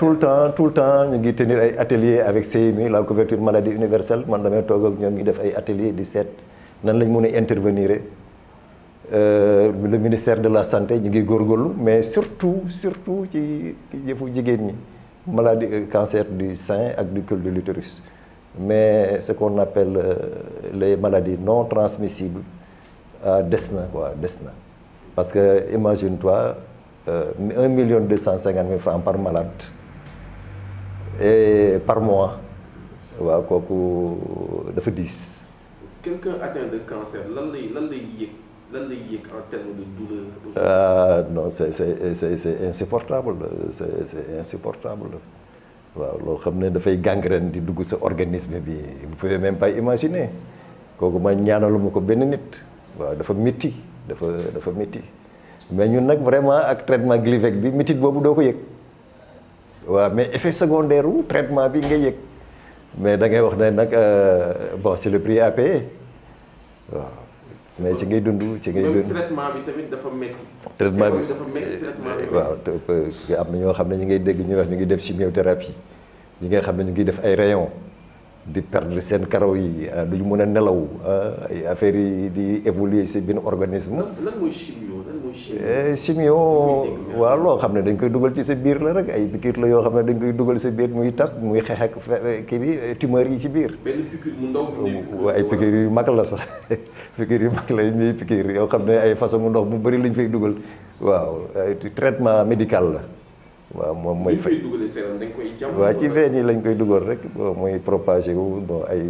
tout le temps tout le temps ñu ngi tenir ay atelier avec CMU la couverture maladie universelle man damay toog ak ñoom ñu def ay atelier di seet nan lañu mun a intervenir euh, le ministère de la santé ñu ngi góor góorlu mais surtout surtout ci jëfu jigéen ñi maladie euh, cancer du sein ak du l'utérus mais ce qu'on appelle euh, les maladies non transmissibles des na quoi des na parce que imagine-toi un million deux cent cinquante mille francs par malade par mois waaw kooku dafa diis. quelqu'un atteint de cancer lan lay lan lay yëg lan lay yëg en termes de douleur. ah non c'est c'est c'est c'est insupportable c'est c'est insupportable waaw loo xam ne dafay gangrène di dugg sa organisme bi vous pouvez même pas imaginer kooku ma ñaanaluma ko benn nit waaw dafa métti dafa dafa métti mais ñun nag vraiment ak traitement Glivec bi métti boobu doo ko yëg. waaw mais effet secondaire traitement bi nga yëg mais da ngay wax ne nag euh, bon c'est le prix à payer mais ci ngay dund ci ngay dund traitement bi tamit dafa waaw am na ñoo xam ne ñu ngi dégg ñuy wax ñu ngi def chimiothérapie ñi nga xam ne ñu ngi def ay rayon di perdre seen karaw yi euh, dañu mën a nelaw euh, ay affaires yi di évoluer si benn organisme chimio eh, waaw loo xam ne dañ koy dugal ci sa biir la rek ay piqûre la yoo xam ne dañ koy dugal sa biir muy tas muy xeex ak kii bi eh, tumeur ci biir. benn oh, piqûre yu mag la sax piqûre yu mag la yoo xam ne ay façon mu ndox mu bëri lañ fay dugal waaw traitement médical la. waaw moom mooy fay waaw ci veine yi lañ koy dugal rek bon muy propagé wu ay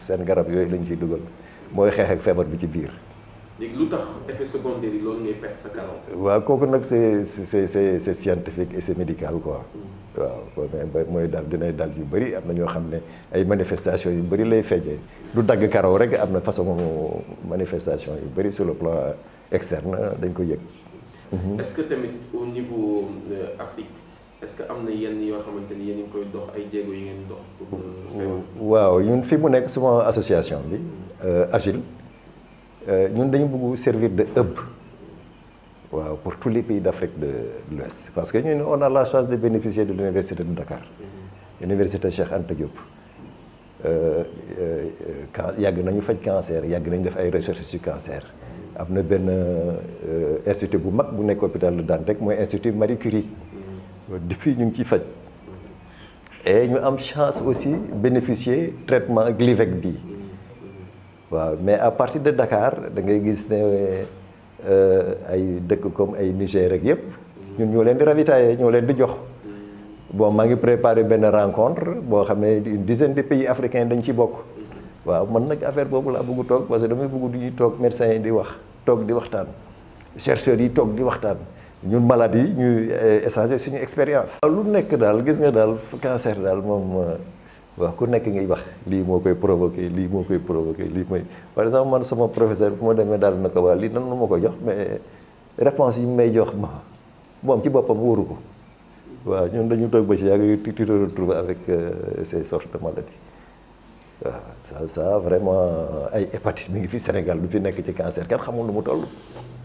seen garab yooyu lañ ciy dugal mooy xeex feebar bi ci biir. léegi lu tax effet secondaire loolu ngay perte sa kanam. waaw kooku nag c' est c' est c' est médical quoi. Mm-hmm. waaw mooy daal dinay dal yu bëri am na ñoo xam ne ay manifestation yu bëri lay feeñee lu dagg karaw rek am na façon manifestation yu bëri sur le plan externe dañ ko yëg. Mm-hmm. est-ce que tamit au niveau Afrique est-ce que am na yenn yoo xamante ni yéen ngi koy dox ay jéego yi ngeen dox. Euh, waaw ñun fi mu nekk souvent association bi mm-hmm. euh, Agile. Euh, ñun dañu bëgg servir de hub waaw pour tous les pays d' de l'Ouest parce que ñu ñun on a la chance de bénéficier de l'université de Dakar université Cheikh Anta Diop euh, euh, can yàgg nañu faj cancer yàgg nañu def ay recherche ci cancer am na benn institut bu mag bu nekk hôpital de Dantec mooy institut Marie Curie depuis ñu ngi ciy faj et ñu am chance aussi bénéficier traitement Glivec bi waaw mais à partir de Dakar da ngay gis ne euh, ay dëkk comme ay Niger ak yëpp ñun ñoo leen di ravitailler ñoo leen di jox bon maa ngi préparer benn rencontre boo xam ne une dizaine de pays africain dañ ci bokk waaw mën nag affaire boobu laa bëgg toog parce que damay bëgg du toog médecins yi di wax toog di waxtaan chercheurs yi toog di waxtaan ñun malades yi ñuy euh, échanger suñu expérience. lu nekk daal gis nga daal cancer daal moom. Euh, waaw ku nekk ngay wax lii moo koy provoqué lii moo koy provoqué lii mooy par exemple man sama professeur bu ma demee daal na ko waa lii nan ma ko jox mais réponse yi may jox ma moom ci boppam wóoru ko waaw ñun dañu toog ba si yàgg tu te retrouves avec euh, ces sortes de maladies waaw ça ça vraiment ay hépatite mi ngi fi Sénégal du fi nekk ci cancer kenn xamul nu mu toll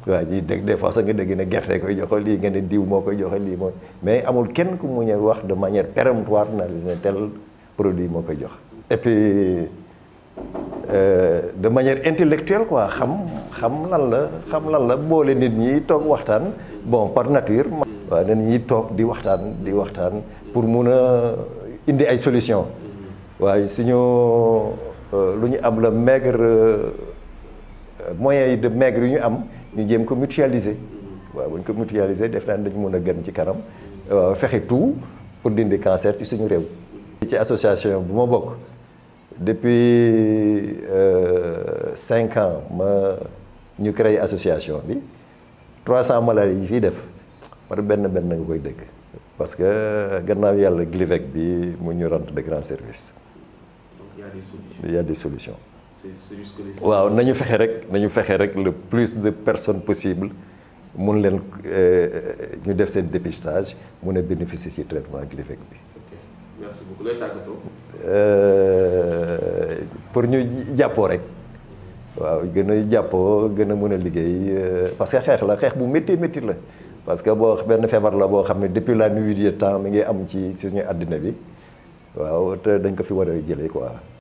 waaw ñi dégg de fois sax nga dégg ne gerte koy joxe lii nga ne diw moo koy joxe lii mooy mais amul kenn ku mu ñëw wax de manière péremptoire na tel produit moo koy jox. et puis euh, de manière intellectuelle quoi xam xam lan la xam lan la boole nit ñi toog waxtaan bon par nature. waaw nit ñi toog di waxtaan di waxtaan pour mun a indi ay solution waaye suñu euh, lu ñu am la maigre euh, moyens yi de maigre yu ñu am ñu jéem ko mutualiser waaw bu ñu ko mutualiser def naa dañu mun a gën ci kanam fexe tout pour dindi cancer ci suñu réew. ci association bu ma bokk depuis euh, cinq ans ma ñu créé association bi trois cent maladies yi fiy def par benn benn nga koy dëgg parce que gannaaw yàlla Glivec bi mu ñu rendre de grands services. il y a des solutions waaw nañu fexe rek nañu fexe rek le plus de personne possible mun leen euh, ñu def seen dépistage mu ne bénéficier ci traitement Glivec bi. merci euh, pour ñu jàppoo rek. waaw gën a jàppoo gën a mën a liggéey euh, parce que xeex la xeex bu métti métti la. parce que boo benn feebar la boo xam ne depuis la nuit des temps mi ngi am ci suñu àddina bi waaw te dañ ko fi war a jëlee koi